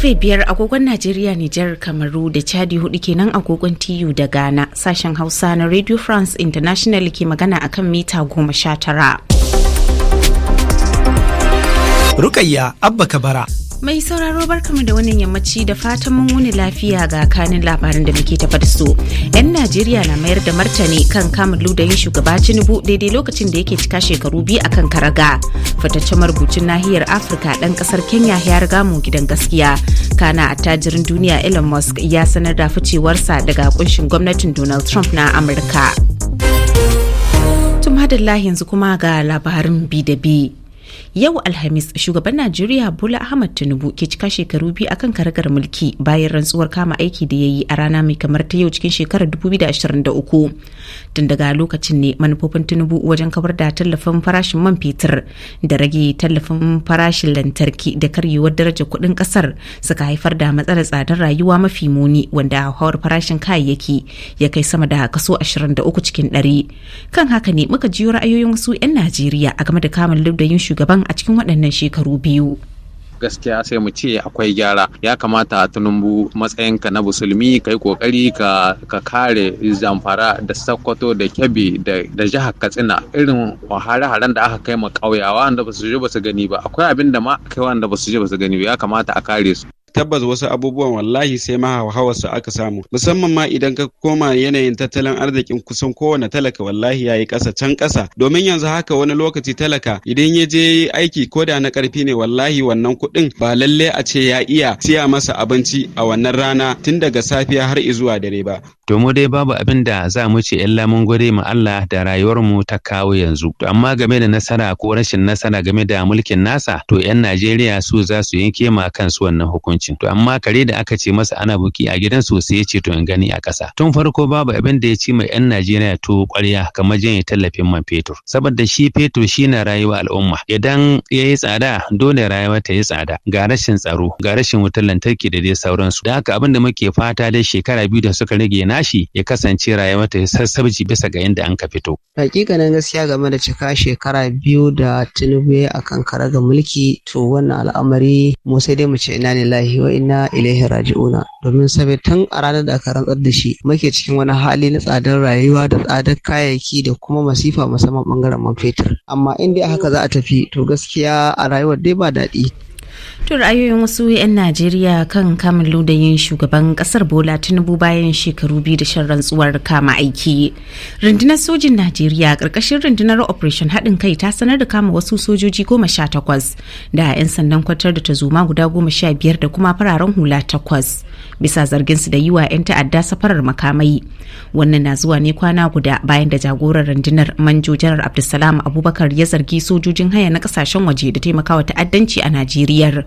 karfe biyar agogon Najeriya Nijar Kamaru da Chadi hudu kenan agogon TU da Ghana sashen Hausa na Radio France International ke magana akan mita goma sha tara. Rukayya Abba Kabara Mai sauraro barkamu da wannan yammaci da fatan mun wuni lafiya ga kanin labarin da muke tafa da su. 'Yan Najeriya na mayar da martani kan kamun ludayin shugaba Tinubu daidai lokacin da yake cika shekaru biyu akan karaga. Fitaccen marubucin nahiyar Afirka ɗan ƙasar Kenya ya riga mu gidan gaskiya. Kana attajirin duniya Elon Musk ya sanar da ficewarsa daga kunshin gwamnatin Donald Trump na Amurka. Tun yanzu kuma ga labarin bi da bi. yau alhamis shugaban najeriya bola ahmad tinubu ke cika shekaru biyu akan karagar mulki bayan rantsuwar kama aiki da ya yi a rana mai kamar ta yau cikin shekarar 2023 tun daga lokacin ne manufofin tinubu wajen kawar da tallafin farashin man fetur da rage tallafin farashin lantarki da karyewar darajar kuɗin kasar suka haifar da matsalar tsadar rayuwa mafi muni wanda hauhawar farashin kayayyaki ya kai sama da kaso 23 cikin 100 kan haka ne muka jiyo ra'ayoyin wasu 'yan najeriya a game da kamun lubdayin shugaban a cikin waɗannan shekaru biyu. gaskiya sai mu ce akwai gyara ya kamata a tunumbu matsayinka na musulmi kai kokari ka ka kare zamfara da sakkwato da kyabi da jihar katsina irin hare-haren da aka kai ma kauyawa wanda ba su je ba su gani ba akwai abin da ma kai wanda ba su je ba su gani ba ya kamata a kare su tabbas wasu abubuwan wallahi sai ma su aka samu musamman ma idan ka koma yanayin tattalin arzikin kusan kowane talaka wallahi yayi kasa can kasa domin yanzu haka wani lokaci talaka idan ya je aiki ko da na karfi ne wallahi wannan kuɗin ba lalle a ce ya iya siya masa abinci a wannan rana tun daga safiya har izuwa dare ba To mu dai babu abin da za mu ce illa mun gode ma Allah da rayuwarmu ta kawo yanzu. To amma game da nasara ko rashin nasara game da mulkin nasa to 'yan Najeriya su za su yanke ma kansu wannan hukuncin. To amma kare da aka ce masa ana buki a gidan su sai ya ce to in gani a ƙasa. Tun farko babu abin da ya ci ma 'yan Najeriya to ƙwarya kamar ya tallafin man fetur. Saboda shi fetur shi na rayuwa al'umma. Idan ya yi tsada dole rayuwa ta yi tsada. Ga rashin tsaro, ga rashin wutar lantarki da dai sauransu. Da haka abin da muke fata dai shekara biyu da suka rage na tashi ya kasance rayuwar ta sassabci bisa ga yadda an ka fito. Hakikanin gaskiya game da cika shekara biyu da Tinubu ya akan kare ga mulki to wannan al'amari mu sai dai mu ce ina ne lahi wa ina ilaihi raji'una domin saboda tun a ranar da aka rantsar da shi muke cikin wani hali na tsadar rayuwa da tsadar kayayyaki da kuma masifa musamman bangaren man fetur amma in dai haka za a tafi to gaskiya a rayuwar dai ba daɗi. To ra'ayoyin wasu 'yan Najeriya kan kamun ludayin shugaban kasar Bola Tinubu bayan shekaru biyu da shan rantsuwar kama aiki. Rundunar sojin Najeriya ƙarƙashin rundunar Operation haɗin kai ta sanar da kama wasu sojoji goma sha takwas da 'yan sandan kwatar da tazuma guda goma sha biyar da kuma fararen hula takwas bisa zargin su da yi wa 'yan ta'adda safarar makamai. Wannan na zuwa ne kwana guda bayan da jagorar rundunar Manjo Janar Abdulsalam Abubakar ya zargi sojojin haya na kasashen waje da taimakawa ta'addanci a Najeriya. biyar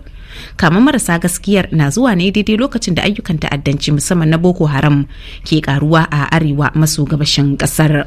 kama marasa gaskiyar na zuwa ne daidai lokacin da ayyukan ta'addanci musamman na boko haram ke karuwa a arewa maso gabashin kasar.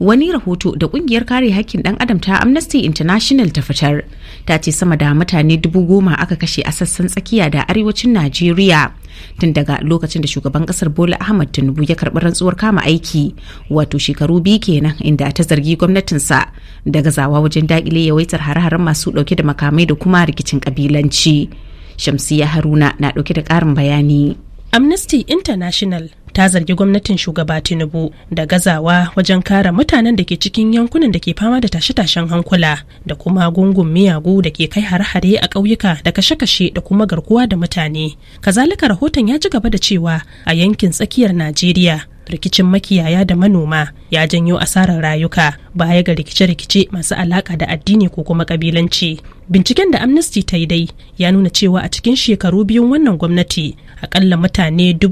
wani rahoto da kungiyar kare hakkin dan adam ta amnesty international ta fitar ta ce sama da mutane dubu goma aka kashe a sassan tsakiya da arewacin najeriya tun daga lokacin da shugaban kasar bola ahmad tinubu ya karbi rantsuwar kama aiki wato shekaru biyu kenan inda ta zargi gwamnatinsa da gazawa wajen dakile yawaitar hare-haren masu dauke da makamai da kuma rikicin kabilanci shamsiya haruna na dauke da ƙarin bayani amnesty international ta zargi gwamnatin shugaba tinubu da gazawa wajen kare mutanen da ke cikin yankunan da ke fama da tashe-tashen hankula da kuma gungun miyagu da ke kai hare-hare a ƙauyuka da kashe-kashe da kuma garkuwa da mutane kazalika rahoton ya ci gaba da cewa a yankin tsakiyar najeriya rikicin makiyaya da manoma ya janyo asarar rayuka baya ga rikice-rikice masu alaka da addini ko kuma kabilanci binciken da amnesty ta yi dai ya nuna cewa a cikin shekaru biyun wannan gwamnati akalla mutane da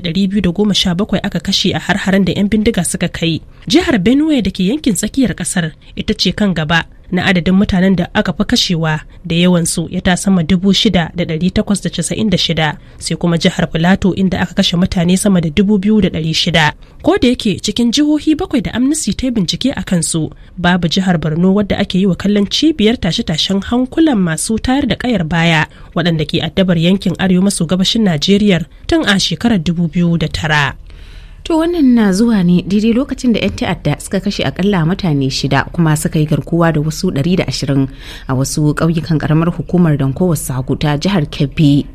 da biyu goma sha bakwai aka kashe a har da 'yan bindiga suka kai jihar benue da ke yankin tsakiyar ƙasar ita ce kan gaba na adadin mutanen da aka fi kashewa da yawansu ya ta sama shida, sai kuma jihar Filato inda aka kashe mutane sama da 2,600. Ko da yake cikin jihohi bakwai da Amnesty ta bincike a kansu babu jihar Borno wadda ake yi wa kallon cibiyar tashe-tashen hankulan masu tayar da kayar baya waɗanda ke addabar yankin arewa maso gabashin Najeriya tun a shekarar 2009. To wannan na zuwa ne daidai lokacin da 'yan ta'adda suka kashe akalla mutane shida kuma suka yi garkuwa da wasu 120 a wasu ƙauyukan ƙaramar hukumar kowace Sagu ta jihar Kebbi.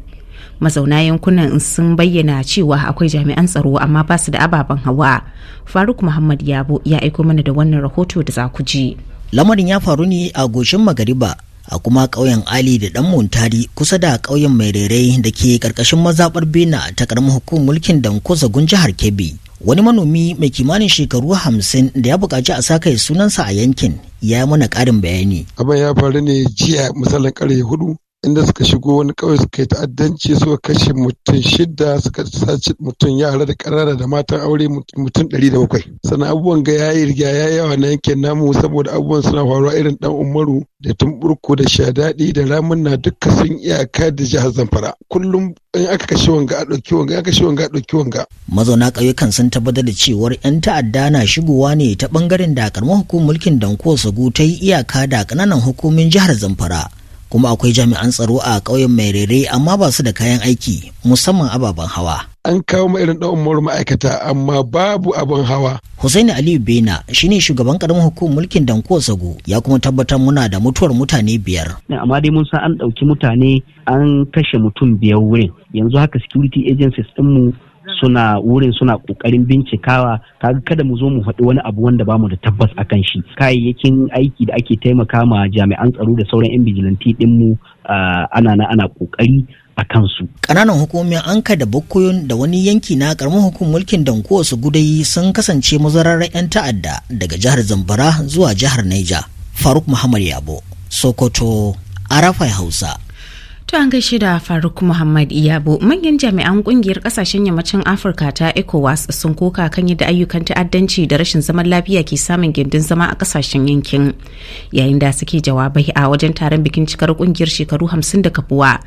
Mazauna yankunan sun bayyana cewa akwai jami'an tsaro amma ba su da ababen hawa. Faruk Muhammad Yabo ya aiko mana da wannan rahoto da za ku ji. Lamarin ya faru ne a goshin Magariba a kuma ƙauyen ali da dan montari kusa da ƙauyen mai rairai da ke ƙarƙashin mazaɓar bena ta ƙaramin hukumar mulkin danko zagun jihar kebbi wani manomi mai kimanin shekaru hamsin da ya buƙaci a sa sunansa a yankin ya yi mana ƙarin bayani abin ya faru ne jiya misalin ƙarfe hudu inda suka shigo wani ƙauye suka yi ta'addanci suka kashe mutum shida suka sace mutum yara da karara da matan aure mutum ɗari da bakwai sannan abubuwan ga ya yi riga ya yawa na yankin namu saboda abubuwan suna faruwa irin ɗan umaru da tumburku da shadaɗi da ramunna duka sun iyaka da jihar zamfara kullum in aka kashe wanga a ɗauki wanga aka kashe wanga a ɗauki wanga. mazauna ƙauyukan sun tabbatar da cewar 'yan ta'adda na shigowa ne ta ɓangaren da karamar hukumar mulkin danko sagu ta yi iyaka da ƙananan hukumin jihar zamfara kuma akwai jami'an tsaro a ƙauyen mai rere amma ba su da kayan aiki musamman ababen hawa an kawo ma irin umar ma'aikata amma babu abin hawa. Hussaini Aliyu Bena shi ne shugaban ƙaramin hukumar mulkin Danko Sago ya kuma tabbatar muna da mutuwar mutane biyar. Amma dai mun san an ɗauki mutane an kashe mutum biyar wurin yanzu haka security agencies ɗinmu suna wurin suna kokarin bincikawa kaga kada mu zo mu faɗi wani abu wanda bamu da tabbas akan shi kayayyakin aiki da ake taimaka ma jami'an tsaro da sauran 'yan bijilanti mu ah, ana na ana kokari a kansu. Ƙananan hukumomin Anka da Bokkoyon da wani yanki na karamin hukumar mulkin Danko su gudai sun kasance mazararren 'yan ta'adda daga jihar Zambara zuwa jihar Niger. Faruk Muhammad Yabo, Sokoto, Arafai Hausa. To an gaishe da Faruk Muhammad Iyabo manyan jami'an kungiyar kasashen yammacin Afirka ta ECOWAS sun koka kan yadda ayyukan ta'addanci da rashin zaman lafiya ke samun gindin zama a kasashen yankin. Yayin da suke jawabai a wajen taron bikin cikar kungiyar shekaru hamsin da kafuwa,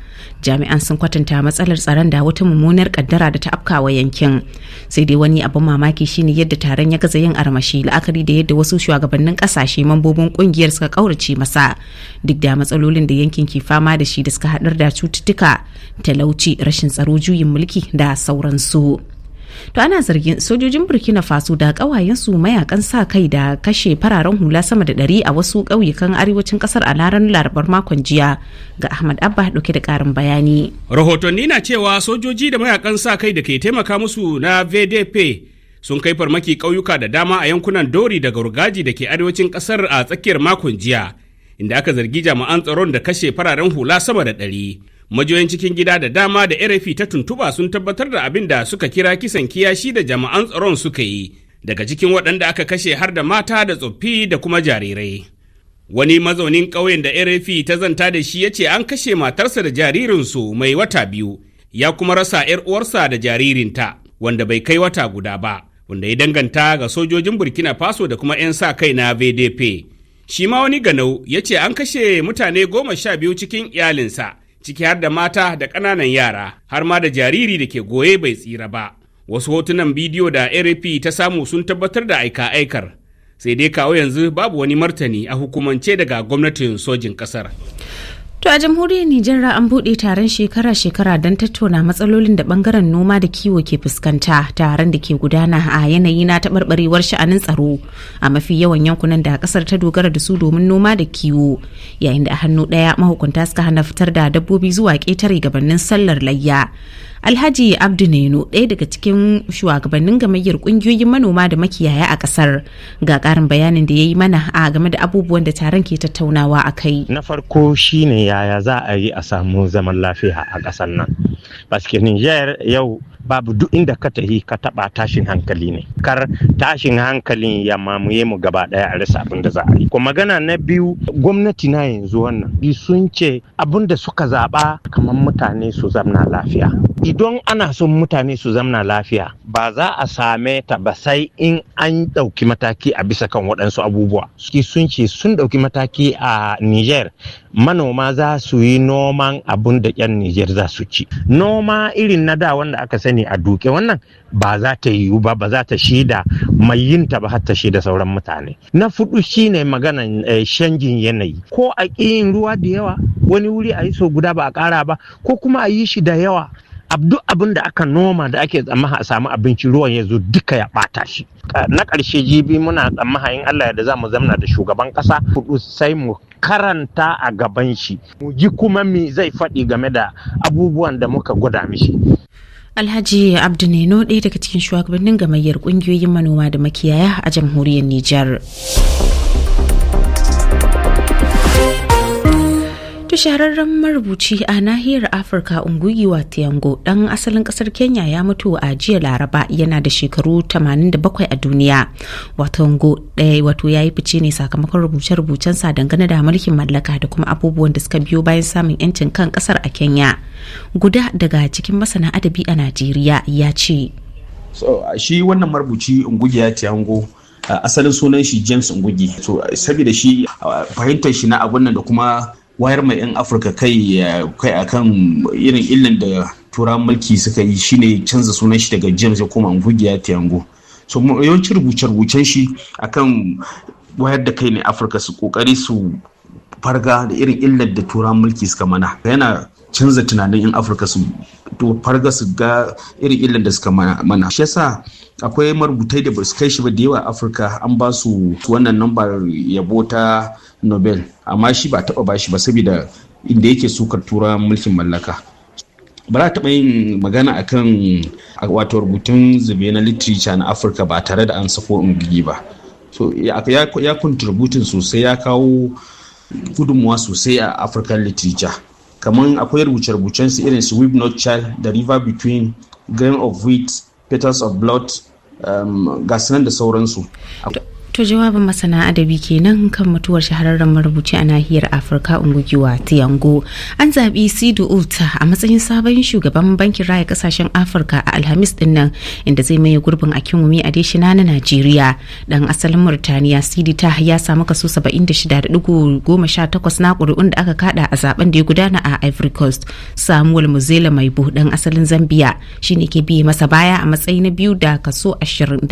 jami'an sun kwatanta matsalar tsaron da wata mummunar kaddara da ta afkawa yankin. Sai dai wani abin mamaki shine yadda taron ya gaza yin armashi la'akari da yadda wasu shugabannin kasashe mambobin kungiyar suka kaurace masa duk da matsalolin da yankin ke fama da shi da suka haɗa kamar da cututtuka talauci rashin tsaro juyin mulki da sauransu to ana zargin sojojin burkina faso da kawayensu mayakan sa kai da kashe fararen hula sama da ɗari a wasu ƙauyukan arewacin ƙasar a laran larabar makon jiya ga ahmad abba dauke da karin bayani rahotanni na cewa sojoji da mayakan sa kai da ke taimaka musu na vdp sun kai farmaki ƙauyuka da dama a yankunan dori daga rugaji da ke arewacin ƙasar a tsakiyar makon jiya inda aka zargi jami'an tsaron da kashe fararen hula sama da ɗari. Majiyoyin cikin gida da dama da RFI ta tuntuɓa sun tabbatar da abin da suka kira kisan kiyashi da jami'an tsaron suka yi, daga cikin waɗanda aka kashe har da mata da tsoffi da kuma jarirai. Wani mazaunin ƙauyen da RFI ta zanta da shi ya ce an kashe matarsa da jaririnsu mai wata biyu, ya kuma rasa 'yar uwarsa da jaririnta, wanda bai kai wata guda ba, wanda ya danganta ga sojojin Burkina Faso da kuma 'yan sa kai na VDP. Shi ma wani ganau ya ce an kashe mutane goma sha biyu cikin iyalinsa, ciki har da mata da ƙananan yara, har ma da jariri da ke goye bai tsira ba. Wasu hotunan bidiyo da arp ta samu sun tabbatar da aika-aikar, sai dai kawo yanzu babu wani martani a hukumance daga gwamnatin sojin ƙasar. To a jamhuriyar Nijar an buɗe taron shekara-shekara don tattauna matsalolin da bangaren noma da kiwo ke fuskanta taron da ke gudana a yanayi na taɓarɓarewar sha'anin tsaro a mafi yawan yankunan da ƙasar ta dogara da su domin noma da kiwo yayin da a hannu ɗaya mahukunta suka hana fitar da dabbobi zuwa ƙetare gabanin sallar layya. Alhaji Abdu Neno ɗaya daga cikin shugabannin gamayyar ƙungiyoyin manoma da makiyaya a ƙasar ga ƙarin bayanin da ya yi mana a game da abubuwan da taron ke tattaunawa a kai. Na farko shine yaya za a yi a samu zaman lafiya a ƙasar nan. Baske Niger yau babu duk inda ka tafi ka taɓa tashin hankali ne kar tashin hankalin ya mamuye mu gaba ɗaya a rasa abin da za a yi Ko magana na biyu gwamnati na yanzu wannan Bi sun ce abin da suka zaɓa kamar mutane su zamna lafiya idan ana son mutane su zamna lafiya ba za a same ta ba sai in an ɗauki mataki a bisa kan waɗansu abubuwa suke sun ce sun ɗauki mataki a niger manoma za su yi noman abun da 'yan niger za su ci noma irin na da wanda aka sani a duke wannan ba za ta yiwu ba ba za ta shida mai yinta ba har ta shida sauran mutane na fudu shine maganan shanjin eh, yanayi ko a ƙiyin ruwa da yawa wani wuri a yi so guda ba a ƙara ba ko kuma a yi shi da yawa duk abin da aka noma da ake tsammaha a samu abinci ruwan ya zo duka ya bata shi na ƙarshe jibi muna tsammaha in Allah da za mu zamna da shugaban ƙasa hudu sai mu karanta a gaban shi mu ji kuma mi zai faɗi game da abubuwan da muka gwada mishi Alhaji Abdu Neno ɗaya daga cikin shugabannin gamayyar ƙungiyoyin manoma da makiyaya a jamhuriyar Nijar. To shahararren marubuci a nahiyar Afirka Ungugi Tiango dan asalin kasar Kenya ya mutu a jiya Laraba yana da shekaru 87 a duniya. Watango ɗaya eh, wato ya yi fice ne sakamakon rubuce-rubucensa dangane da mulkin mallaka da kuma abubuwan da suka biyo bayan samun 'yancin kan kasar a Kenya. Guda daga cikin masana adabi a Najeriya ya ce. So, shi wannan marubuci Ungugi Tiango asalin sunan shi James ungugi. So, saboda shi fahimtar shi na abun nan da kuma wayar mai 'yan afirka kai kai akan irin illan da turawan mulki suka yi shine canza sunan shi daga james ya koma ngugiya tiango so yawancin rubuce-rubucen shi akan wayar da kai ne afirka su kokari su farga da irin illar da turawan mulki suka mana yana canza tunanin yan afirka su to farga su ga irin illar da suka mana shi yasa akwai marubutai da ba su kai shi ba da yawa afirka an ba su wannan nambar yabo ta nobel amma shi ba taba bashi ba saboda inda yake sukar tura mulkin mallaka ba za taɓa yin magana a kan wato rubutun zube na literature na afirka ba tare da an sako ingigi ba so ya rubutun sosai ya kawo gudunmuwa sosai a african literature kamar akwai rubuce-rubucen su irin su weep not child the river between grain of wheat petals of blood um, da sauransu To jawabin masana adabi kenan kan mutuwar shahararren marubuci a nahiyar Afirka Ungugiwa Tiyango. An zaɓi sidi Ulta a matsayin sabon shugaban bankin raya kasashen Afirka a Alhamis din inda zai maye gurbin a Kinwumi a Deshina na Najeriya. Dan asalin Murtaniya Sidi ta ya samu kaso 76.18 na ƙuri'un da aka kada a zaben da ya gudana a Ivory Coast. Samuel Muzela Maibu dan asalin Zambia shine ke biye masa baya a matsayi na biyu da kaso 20.26.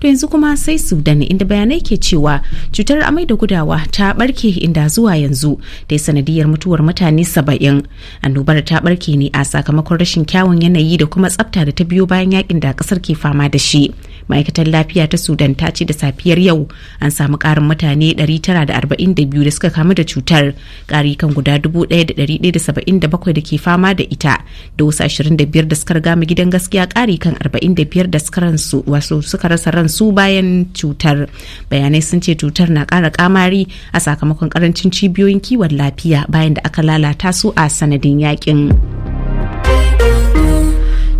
To yanzu kuma sai Sudan inda bayanai ke cewa cutar amai da gudawa ta barke inda zuwa yanzu da sanadiyar mutuwar mutane saba'in. Annobar ta barke ne a sakamakon rashin kyawun yanayi da kuma tsafta da ta biyo bayan yakin da kasar ke fama da shi. ma'aikatar lafiya ta sudan ta ce da safiyar yau an samu karin mutane 942 da suka kamu da cutar kari kan guda 1177 da ke fama da ita da wasu 25 da suka riga gidan gaskiya kari kan 45 da wasu suka rasa ransu bayan cutar bayanai sun ce cutar na kara kamari a sakamakon karancin cibiyoyin kiwon lafiya bayan da aka lalata su a sanadin yakin.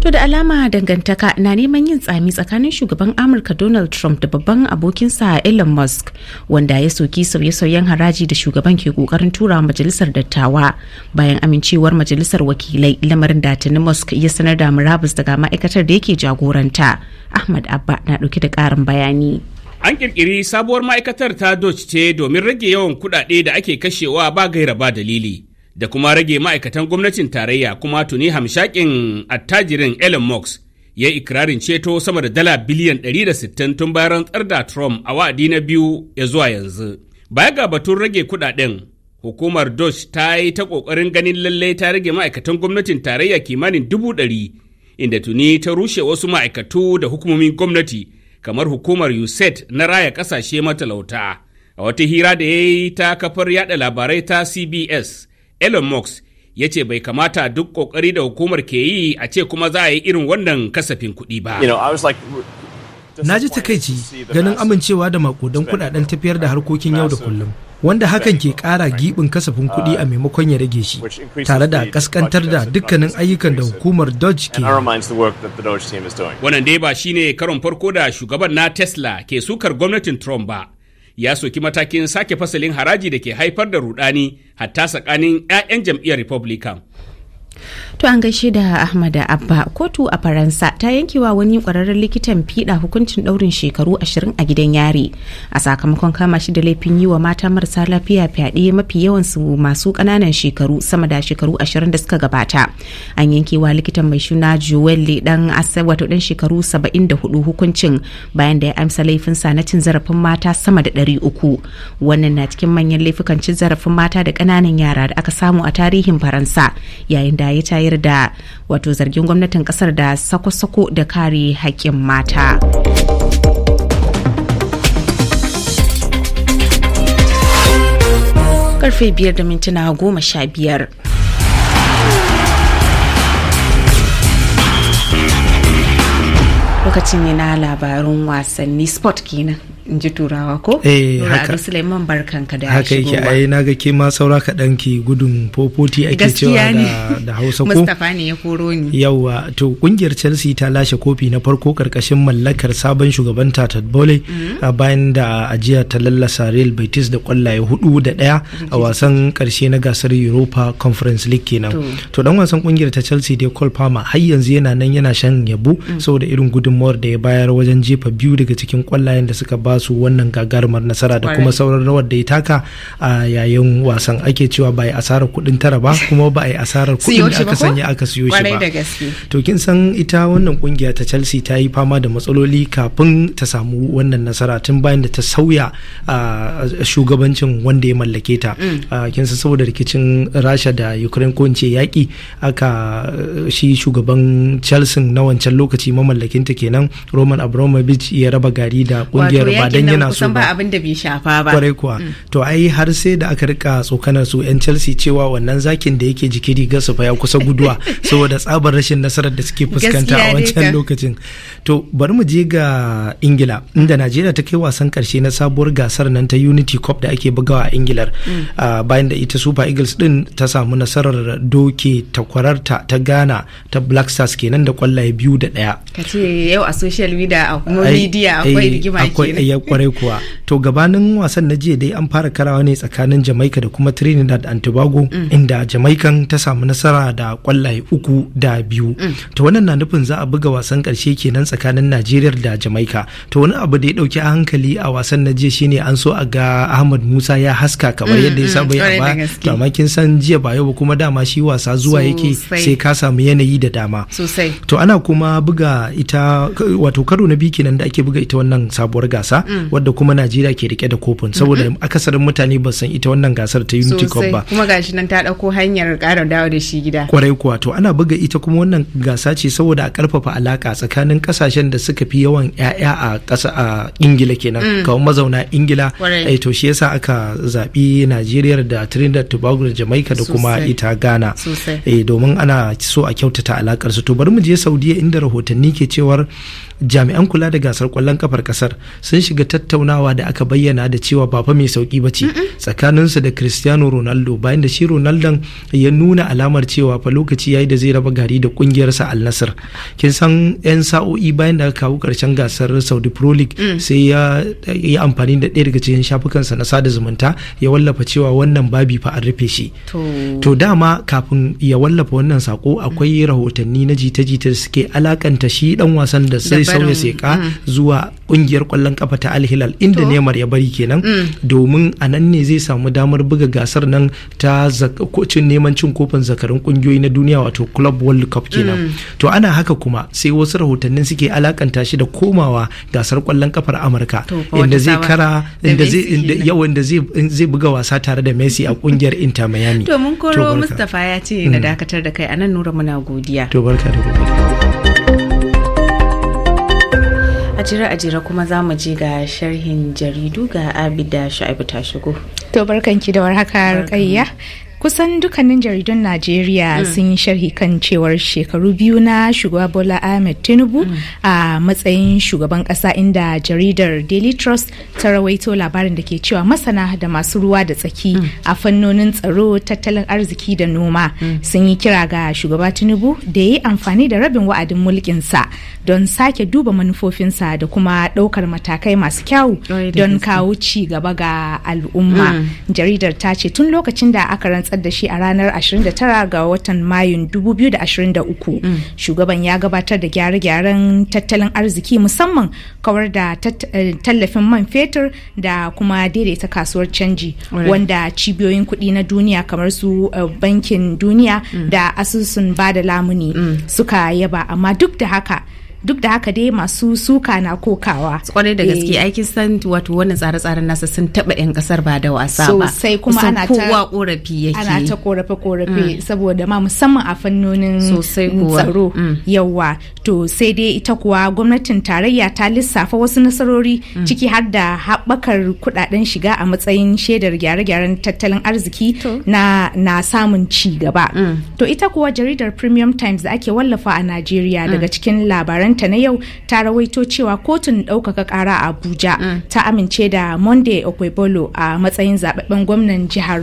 To da alama dangantaka na neman yin tsami tsakanin shugaban Amurka Donald Trump da babban abokinsa Elon Musk wanda ya soki sauye-sauyen haraji da shugaban ke kokarin tura majalisar dattawa bayan amincewar majalisar wakilai lamarin da tuni Musk ya sanar da murabus daga ma'aikatar da yake jagoranta. Ahmad Abba na dauke da karin bayani. An kirkiri sabuwar ma'aikatar ta doce ce domin rage yawan kuɗaɗe da ake kashewa ba gaira ba dalili. da kuma rage ma'aikatan gwamnatin tarayya kuma tuni hamshakin attajirin Elon Musk ya yi ikirarin ceto sama da dala biliyan 160 tun bayan rantsar da Trump a wa'adi na biyu ya zuwa yanzu. Baya ga batun rage kudaden, hukumar Doge ta yi ta ƙoƙarin ganin lallai ta rage ma'aikatan gwamnatin tarayya kimanin dubu ɗari, inda tuni ta rushe wasu ma'aikatu da hukumomin gwamnati kamar hukumar USAID na raya ƙasashe matalauta. A wata hira da ya yi ta kafar yada labarai ta CBS, Elon Musk ya ce bai kamata duk kokari da hukumar ke yi a ce kuma za a yi irin wannan kasafin kuɗi ba. Na ji takaici ganin amincewa da makudan kudaden tafiyar da harkokin yau da kullum. wanda hakan ke ƙara giɓin kasafin kuɗi a maimakon ya rage shi tare da ƙasƙantar da dukkanin ayyukan da hukumar Dodge ke wannan dai ba shine karon farko da shugaban na Tesla ke sukar gwamnatin Trump ba ya soki matakin sake fasalin haraji da ke haifar da rudani hatta tsakanin 'ya'yan jam'iyyar Republican. To an gaishe da Ahmad Abba kotu a Faransa ta yankewa wani kwararren likitan fiɗa hukuncin ɗaurin shekaru ashirin a gidan yari a sakamakon kama shi da laifin yi wa mata marasa lafiya fyaɗe mafi yawan su masu ƙananan shekaru sama da shekaru ashirin da suka gabata. An yankewa likitan mai suna Joelle dan wato dan shekaru saba'in da hudu hukuncin bayan da ya amsa laifin sa na cin zarafin mata sama da ɗari uku Wannan na cikin manyan laifukan cin zarafin mata da ƙananan yara da aka samu a tarihin Faransa yayin da ya tayar da wato zargin gwamnatin kasar da sako-sako da kare haƙƙin mata. Karfe biyar da mintuna goma sha biyar. lokacin ne na labarun wasanni sport kenan. in ji turawa ko? eh haka suleiman ka da haka yake ai na ga ke ma saura kaɗan ki gudun popoti ake cewa da hausa ko mustapha ne ya koro ni to kungiyar chelsea ta lashe kofi na farko karkashin mallakar sabon shugaban ta bole mm-hmm. bayan da ajiya ta lallasa real betis da kwallaye hudu da daya a wasan karshe na gasar europa conference league kenan to dan wasan kungiyar ta chelsea dai cole palmer har yanzu yana nan yana shan yabo mm. saboda irin gudunmawar da ya bayar wajen jefa biyu daga cikin kwallayen da suka ba basu wannan gagarumar nasara da kuma sauran rawar da ya taka a yayin wasan ake cewa ba a asarar kuɗin tara ba kuma ba a asarar kuɗin da aka sanya aka siyo shi ba to kin san ita wannan kungiya ta Chelsea ta yi fama da matsaloli kafin ta samu wannan nasara tun bayan da ta sauya shugabancin wanda ya mallake ta mm. kin san saboda rikicin Rasha da Ukraine ko in ce yaƙi aka shi shugaban Chelsea na wancan lokaci mamallakinta kenan Roman Abramovich ya raba gari da kungiyar yakin nan su ba abin da bai shafa ba kwarai kuwa mm. to ai har sai da aka rika tsokanar su yan Chelsea cewa wannan zakin da yake jiki riga su ya kusa guduwa saboda tsabar rashin nasarar da suke fuskanta a wancan lokacin to bari mu je ga Ingila inda Najeriya ta kai wasan karshe na sabuwar gasar nan ta Unity Cup da ake bugawa a Ingilar mm. bayan da ita Super Eagles din ta samu nasarar doke takwararta ta Ghana ta Black Stars kenan da kwallaye biyu da daya ka ce yau a social media a media akwai rigima kenan ya kware kuwa to gabanin wasan na jiya dai an fara karawa ne tsakanin jamaica da kuma trinidad and tobago mm. inda jamaican ta samu nasara da kwallaye uku da biyu mm. to wannan na nufin za a buga wasan karshe kenan tsakanin najeriya da jamaica to wani abu da ya dauki a hankali a wasan na jiya shine an so a ga ahmad musa ya haska kamar mm, yadda ya saba ya ba dama kin san jiya ba yau kuma dama shi wasa zuwa yake sai ka samu yanayi da dama to ana kuma buga ita wato karo na biyu kenan da ake buga ita wannan sabuwar gasa Mm. wadda kuma Najeriya ke rike da kofin saboda mm-hmm. akasarin mutane ba san ita wannan gasar ta Unity Cup ba. Kuma gashi nan ta dauko hanyar ƙara dawo da shi gida. Kwarai kuwa to ana buga ita kuma wannan gasa ce saboda a karfafa alaka tsakanin kasashen da suka fi yawan ƴaƴa a ƙasa a Ingila kenan mm. kamar mazauna Ingila eh to shi yasa aka zaɓi Najeriya da Trinidad Tobago da Jamaica da kuma ita Ghana. Eh domin ana so a kyautata alakar su to bari mu je Saudiya inda rahotanni ke cewar jami'an kula da gasar kwallon kafar kasar sun shiga tattaunawa da aka bayyana da cewa ba mai sauki ba ce tsakaninsu da cristiano ronaldo bayan da shi ronaldo ya nuna alamar cewa fa lokaci yayi da zai raba gari da kungiyarsa al nasr kin san yan sa'o'i bayan da aka kawo karshen gasar saudi pro league mm. sai ya yi amfani da ɗaya daga cikin shafukansa na sada zumunta ya wallafa cewa wannan babi fa an rufe shi to dama kafin ya wallafa wannan sako akwai rahotanni na jita-jita da suke alakanta shi dan wasan da sai sauya seka mm. zuwa kungiyar kwallon kafa ta alhilal inda nemar ya bari kenan mm. domin a nan ne zai samu damar buga gasar nan ta cin neman cin kofin zakarin kungiyoyi na duniya wato club world cup kenan mm. to ana haka kuma sai wasu rahotannin suke alakanta shi da komawa gasar kwallon kafar amurka inda zai kara inda zai buga wasa tare da messi a kungiyar inter miami to mun koro mustapha ya ce na dakatar da kai anan nura muna godiya to barka da gobe a jira a jira kuma za mu je ga sharhin jaridu ga abida shu'aibu ta shigo to barkanki da warhaka rukayya kusan dukkanin jaridun najeriya hmm. sun yi sharhi kan cewar shekaru biyu na shugaba bola ahmed tinubu hmm. a matsayin shugaban kasa inda jaridar daily trust ta rawaito labarin da ke cewa masana da masu ruwa da tsaki hmm. a fannonin tsaro tattalin arziki da noma sun yi kira ga shugaba tinubu da ya yi amfani da rabin wa'adin mulkinsa don sake duba manufofinsa da kuma ɗaukar matakai masu kyau don kawo ci gaba ga al'umma jaridar ta ce tun lokacin da aka rantsa rantsar da shi a ranar 29 ga watan mayun 2023 mm. shugaban ya gabatar da gyare-gyaren tattalin arziki musamman kawar da eh, tallafin man fetur da kuma daidaita kasuwar canji wanda cibiyoyin kuɗi na duniya kamar su eh, bankin duniya mm. da asusun bada lamuni mm. suka yaba amma duk da haka duk da haka dai masu suka na kokawa kwarai da gaske eh. aikin san wato wani tsare-tsaren nasa sun taba yan kasar ba da wasa ba sosai kuma ana ta kowa korafi yake ana ta korafe korafe mm. saboda ma musamman a fannonin tsaro mm. yawa to sai dai ita kuwa gwamnatin tarayya ta lissafa wasu nasarori mm. ciki har da haɓakar kuɗaɗen shiga a matsayin shaidar gyare-gyaren tattalin arziki na na samun ci gaba to ita kuwa jaridar premium times da ake wallafa a Najeriya daga cikin labaran bayananta na yau ta rawaito cewa kotun ɗaukaka ƙara a abuja mm. ta amince da monday okweibolo a matsayin zababben gwamnan jihar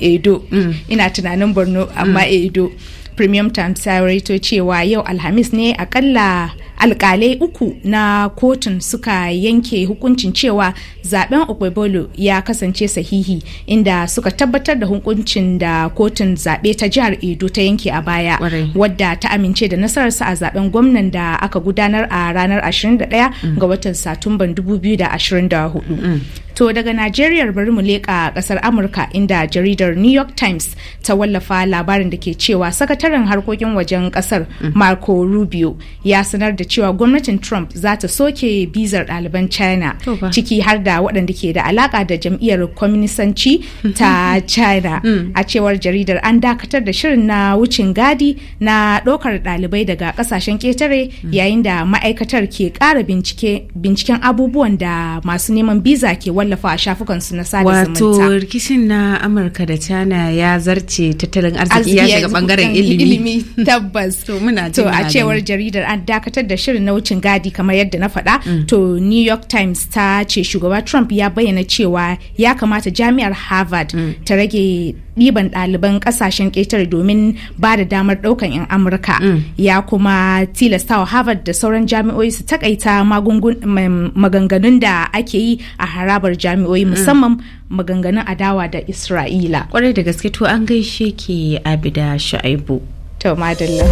edo mm. ina tunanin borno amma mm. edo premium times ta rawaito cewa yau alhamis ne akalla alkalai uku na kotun suka yanke hukuncin cewa zaben okwebolo ya kasance sahihi inda suka tabbatar da hukuncin da kotun zaɓe ta jihar edo ta yanke a baya wadda ta amince da nasararsa a zaben gwamnan da aka gudanar a ranar 21 mm. ga watan satumban 2024 mm. To daga Najeriya bari mu leƙa ƙasar Amurka inda jaridar New York Times ta wallafa labarin da ke cewa sakataren harkokin wajen ƙasar mm. Marco Rubio ya sanar da cewa gwamnatin Trump za ta soke bizar ɗaliban China ciki har da waɗanda ke da alaka da jam'iyyar kwaminisanci ta China. Mm. A cewar jaridar an dakatar da shirin na wucin gadi na ɗaukar ɗalibai daga ƙasashen ƙetare mm. yayin da ma'aikatar ke ƙara binciken abubuwan da masu neman biza ke wallafa a shafukan su na sada zumunta. Wato rikicin na Amurka da China ya zarce tattalin arziki ya shiga bangaren ilimi. tabbas. To To a cewar jaridar an dakatar da shirin na wucin gadi kamar yadda na faɗa mm. to new york times ta ce shugaba trump ya bayyana cewa ya kamata jami'ar harvard mm. ta rage ɗiban ɗaliban ƙasashen ƙetare domin ba da damar ɗaukan 'yan amurka mm. ya kuma tilastawa harvard da sauran jami'oi su takaita maganganun da ake yi a harabar jami'oi musamman maganganun adawa da isra'ila kwarai da gaske to an gaishe ke abida shaibu. to madalla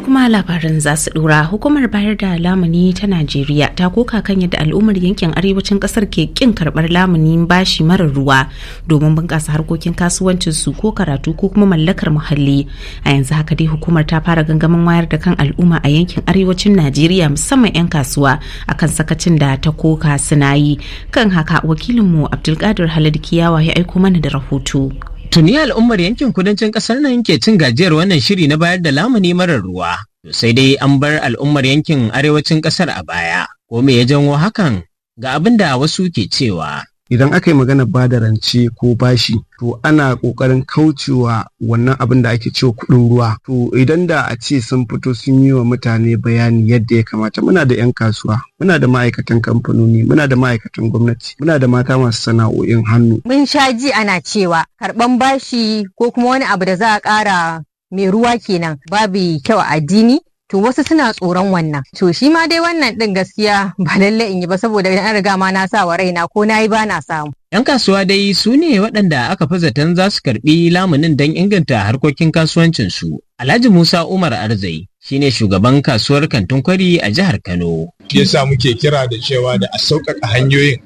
yanzu kuma labarin za su dura hukumar bayar da lamuni ta najeriya ta koka kan yadda al'ummar yankin arewacin kasar ke kin karbar lamuni bashi mara ruwa domin bunƙasa harkokin kasuwancin su ko karatu ko kuma mallakar muhalli a yanzu haka dai hukumar ta fara gangamin wayar da kan al'umma a yankin arewacin najeriya musamman 'yan kasuwa akan sakacin da ta koka suna yi kan haka wakilinmu abdulkadir halad kiyawa ya aiko mana da rahoto Tuni al'ummar yankin kudancin ƙasar nan ke cin gajiyar wannan shiri na bayar da lamuni marar ruwa. To sai dai an bar al'ummar yankin arewacin ƙasar a baya. Ko me ya janwo hakan? Ga abin da wasu ke cewa. idan aka yi magana ba da rance ko bashi to ana kokarin kaucewa wannan abin da ake cewa kuɗin ruwa to idan da a ce sun fito sun yi wa mutane bayani yadda ya kamata muna da 'yan kasuwa muna da ma'aikatan kamfanoni muna da ma'aikatan gwamnati muna da mata masu sana'o'in hannu mun sha ji ana cewa karban bashi ko kuma wani abu da za a ƙara mai ruwa kenan babu kyau a addini to wasu suna tsoron wannan to shi ma dai wannan ɗin gaskiya ba lalle in yi ba saboda idan an riga ma na sa wa raina ko na yi ba na samu yan kasuwa dai su ne waɗanda aka fi zaton za su karɓi lamunin don inganta harkokin kasuwancin su alhaji musa umar arzai ne shugaban kasuwar kantin kwari a jihar kano yasa muke kira da cewa da a sauƙaƙa hanyoyin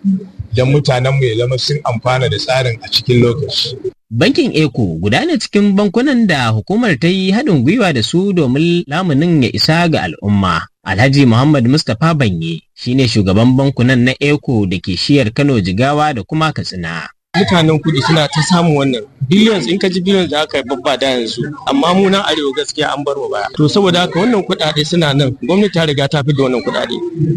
don mutanenmu ya zama sun amfana da tsarin a cikin lokaci Bankin Eko, guda ne cikin bankunan da hukumar ta yi haɗin gwiwa da su domin lamunin ya isa ga al'umma. Alhaji Muhammad Mustapha Banye shine shugaban bankunan na Eko da ke shiyar Kano Jigawa da kuma Katsina. mutanen kudi suna ta samu wannan billions in ka ji billions da aka babba da yanzu amma mu nan arewa gaskiya an bar wa baya to saboda haka wannan kuɗaɗe suna nan gwamnati ta riga ta da wannan kuɗaɗe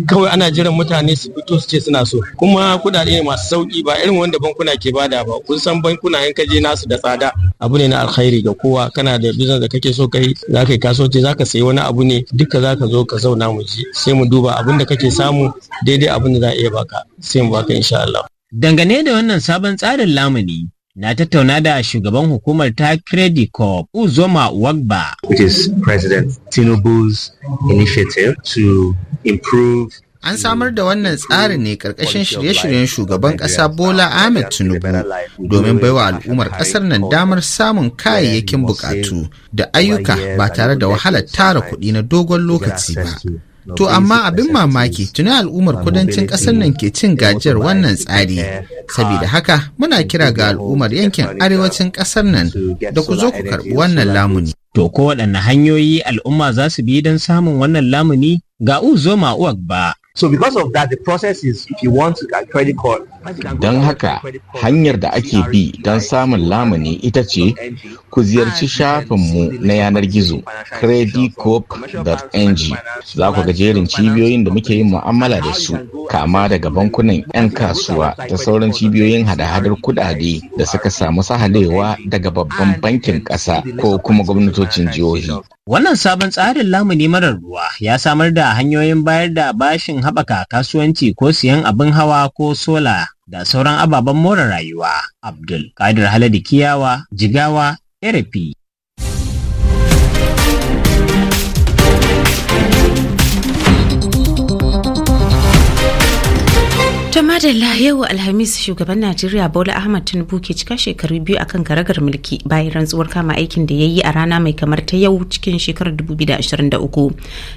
kawai ana jiran mutane su fito su ce suna so kuma kuɗaɗe ne masu sauki ba irin wanda bankuna ke bada ba kun san bankuna in ka je nasu da tsada abu ne na alkhairi ga kowa kana da business da kake so kai za ka yi kasuwanci za ka sayi wani abu ne duka za ka zo ka zauna mu ji sai mu duba abin da kake samu daidai abin da za a iya baka sai mu baka insha Allah Dangane da wannan sabon tsarin lamuni, na tattauna da shugaban hukumar ta credit corp uzoma wagba which is president tinubu's initiative to improve An samar da wannan tsarin ne ƙarƙashin shirye-shiryen shugaban ƙasa Bola Ahmed Tinubu domin baiwa al'ummar ƙasar nan damar samun kayayyakin buƙatu da ayyuka ba tare da wahalar tara kuɗi na dogon lokaci ba. To amma abin mamaki tuni al'ummar kudancin ƙasar nan ke cin gajiyar wannan tsari. Saboda haka muna kira ga al'ummar yankin arewacin ƙasar nan da ku zo ku karɓi wannan lamuni. To ko waɗanne hanyoyi al'umma za su bi don samun wannan lamuni ga Uzoma ba. So because of that, the process is Don haka hanyar da ake bi don samun lamuni ita ce ku ziyarci shafinmu na yanar gizo creditcorp.ng za ku ga jerin cibiyoyin da muke yin mu'amala da su kama daga bankunan 'yan kasuwa ta sauran cibiyoyin hada-hadar kudade da suka samu sahalewa daga babban bankin ƙasa ko kuma gwamnatocin jihohi Wannan sabon tsarin lamuni marar ruwa ya samar da hanyoyin bayar da bashin haɓaka kasuwanci ko siyan abin hawa ko sola da sauran ababen more rayuwa. Abdul Kadir Haladu Kiyawa, Jigawa, Erefi. To da yau Alhamis shugaban Najeriya Bola Ahmad Tinubu ke cika shekaru biyu akan garagar mulki bayan rantsuwar kama aikin da ya yi a rana mai kamar ta yau cikin shekarar 2023.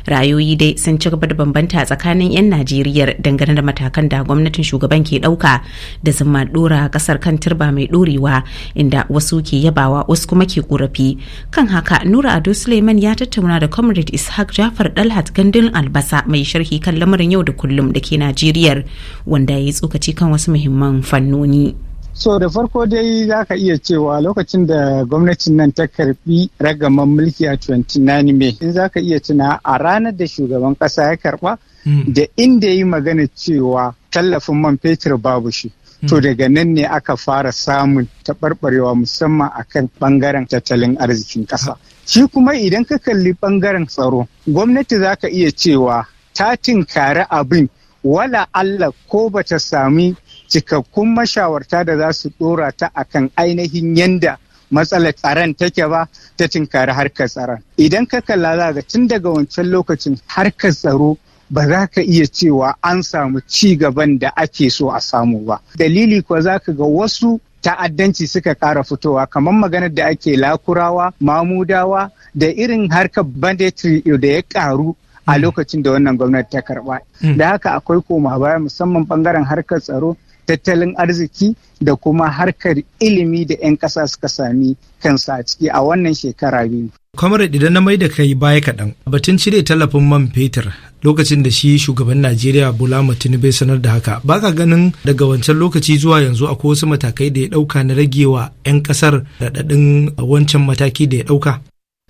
Rayoyi dai sun ci gaba da bambanta tsakanin 'yan Najeriya dangane da matakan da gwamnatin shugaban ke ɗauka da zama ɗora ƙasar kan turba mai ɗorewa inda wasu ke yabawa wasu kuma ke ƙorafi. Kan haka Nura Ado Suleiman ya tattauna da Comrade Ishaq Jafar Dalhat Gandun Albasa mai sharhi kan lamarin yau da kullum da ke Najeriya wanda da ya tsokaci kan wasu muhimman fannoni. so da farko dai za ka iya cewa lokacin da gwamnatin nan ta karbi ragaman mulki a 29 mai in za ka iya tuna a ranar da shugaban kasa ya karba hmm. da inda yi magana cewa tallafin man fetur babu shi hmm. to daga nan ne aka fara samun taɓarɓarewa musamman a kan ɓangaren tattalin arzikin ƙasa shi kuma idan ka kalli ɓangaren tsaro gwamnati za ka iya cewa ta tinkari abin wala Allah ko ba ta sami cikakkun mashawarta da za su dora ta kan ainihin yanda matsalar tsaron take ba ta tinkari harkar tsaron idan ka kalla za ga tun daga wancan lokacin harkar tsaro ba za ka iya cewa an samu ci gaban da ake so a samu ba dalili kuwa za ka ga wasu ta'addanci suka ƙara fitowa kamar maganar da ake lakurawa mamudawa da irin harkar banditry da ya ƙaru a mm. lokacin da wannan gwamnati ta karba mm. da haka akwai koma baya musamman bangaren harkar tsaro tattalin arziki da kuma harkar ilimi da 'yan ƙasa suka sami kansa a ciki a wannan shekara biyu. Comrade idan na mai da kai baya kaɗan batun cire tallafin man fetur lokacin da shi shugaban Najeriya Bola bai sanar da haka baka ganin daga wancan lokaci zuwa yanzu akwai wasu matakai da ya ɗauka na ragewa 'yan ƙasar raɗaɗin wancan mataki da ya ɗauka.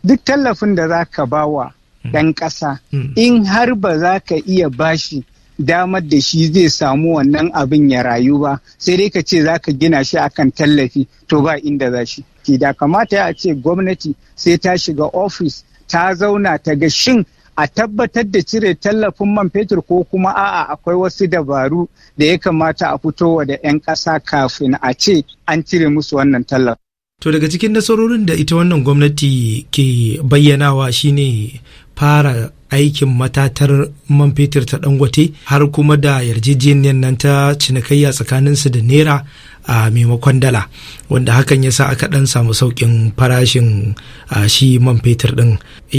Duk tallafin da za ka bawa ɗan mm. ƙasa mm. in har ba za ka iya bashi damar da shi zai samu wannan abin ya rayu ba sai dai ka ce za ka gina shi akan tallafi to ba inda za shi ki da kamata ya ce gwamnati sai ta shiga ofis ta zauna ta ga shin a tabbatar da cire tallafin man fetur ko kuma a'a akwai wasu dabaru da ya kamata a fitowa da 'yan ƙasa kafin a ce an cire musu wannan tallafin. To daga cikin nasarorin da ita wannan gwamnati ke bayyanawa shine fara aikin matatar man fetur ta dangote har kuma da yarjejeniyar nan ta cinikayya tsakaninsu da naira a maimakon dala wanda hakan ya sa aka dan samu saukin farashin shi man fetur din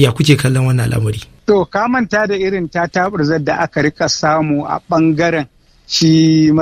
ya kuke kallon wannan al'amari to ka manta da irin ta taburzar da aka rika samu a bangaren shi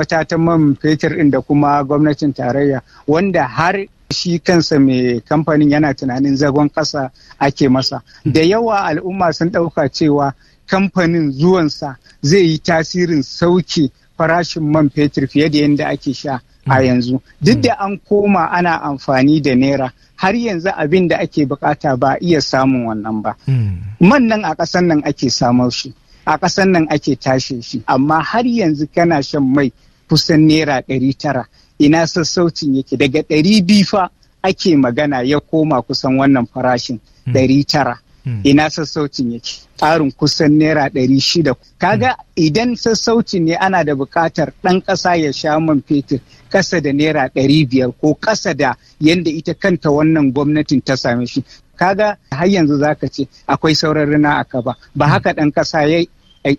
matatan man fetur din da kuma gwamnatin tarayya wanda har shi kansa mai kamfanin yana tunanin zagon ƙasa ake masa da yawa al'umma sun ɗauka cewa kamfanin zuwansa zai yi tasirin sauki farashin man fetur fiye da yadda ake sha a mm. yanzu duk mm. da an koma ana amfani da naira har yanzu abin da ake bukata ba iya samun wannan ba mm. man nan a ƙasan nan ake samar shi a ƙasan nan ake tashe shi amma har yanzu kana shan mai kusan naira ɗari tara ina sassaucin yake daga ɗari biyu fa ake magana ya koma kusan wannan farashin hmm. ɗari tara hmm. ina sassaucin yake ƙarin kusan naira ɗari shida kaga hmm. idan sassauci ne ana da buƙatar ɗan ƙasa ya sha man fetur ƙasa da naira ɗari biyar ko ƙasa da yadda ita kanta wannan gwamnatin ta same shi kaga har yanzu zaka ce akwai sauran rina a kaba ba haka ɗan ƙasa ya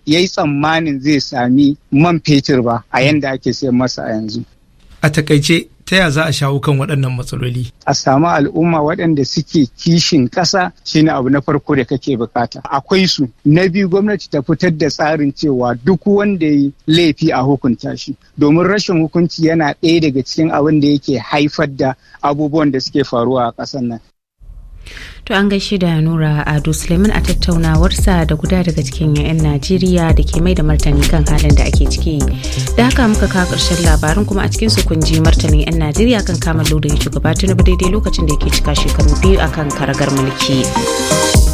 yi tsammanin zai sami man fetur ba a yanda ake sayar masa a yanzu a takaice ta ya za a shawo kan waɗannan matsaloli? A samu al'umma waɗanda suke kishin ƙasa shine abu na farko da kake bukata. Akwai su. Na biyu gwamnati ta fitar da tsarin cewa duk wanda ya laifi a hukunta shi. Domin rashin hukunci yana ɗaya daga cikin abin da yake haifar da abubuwan da suke faruwa a ƙasar nan. To an gaishe da Nura Ado Suleiman a tattaunawarsa da guda daga cikin 'yan Najeriya da ke mai da martani kan halin da ake ciki. Da haka muka kawo ƙarshen labarin kuma a cikin su kun ji martanin 'yan Najeriya kan kama da ya shugaba daidai lokacin da yake cika shekaru biyu akan karagar mulki.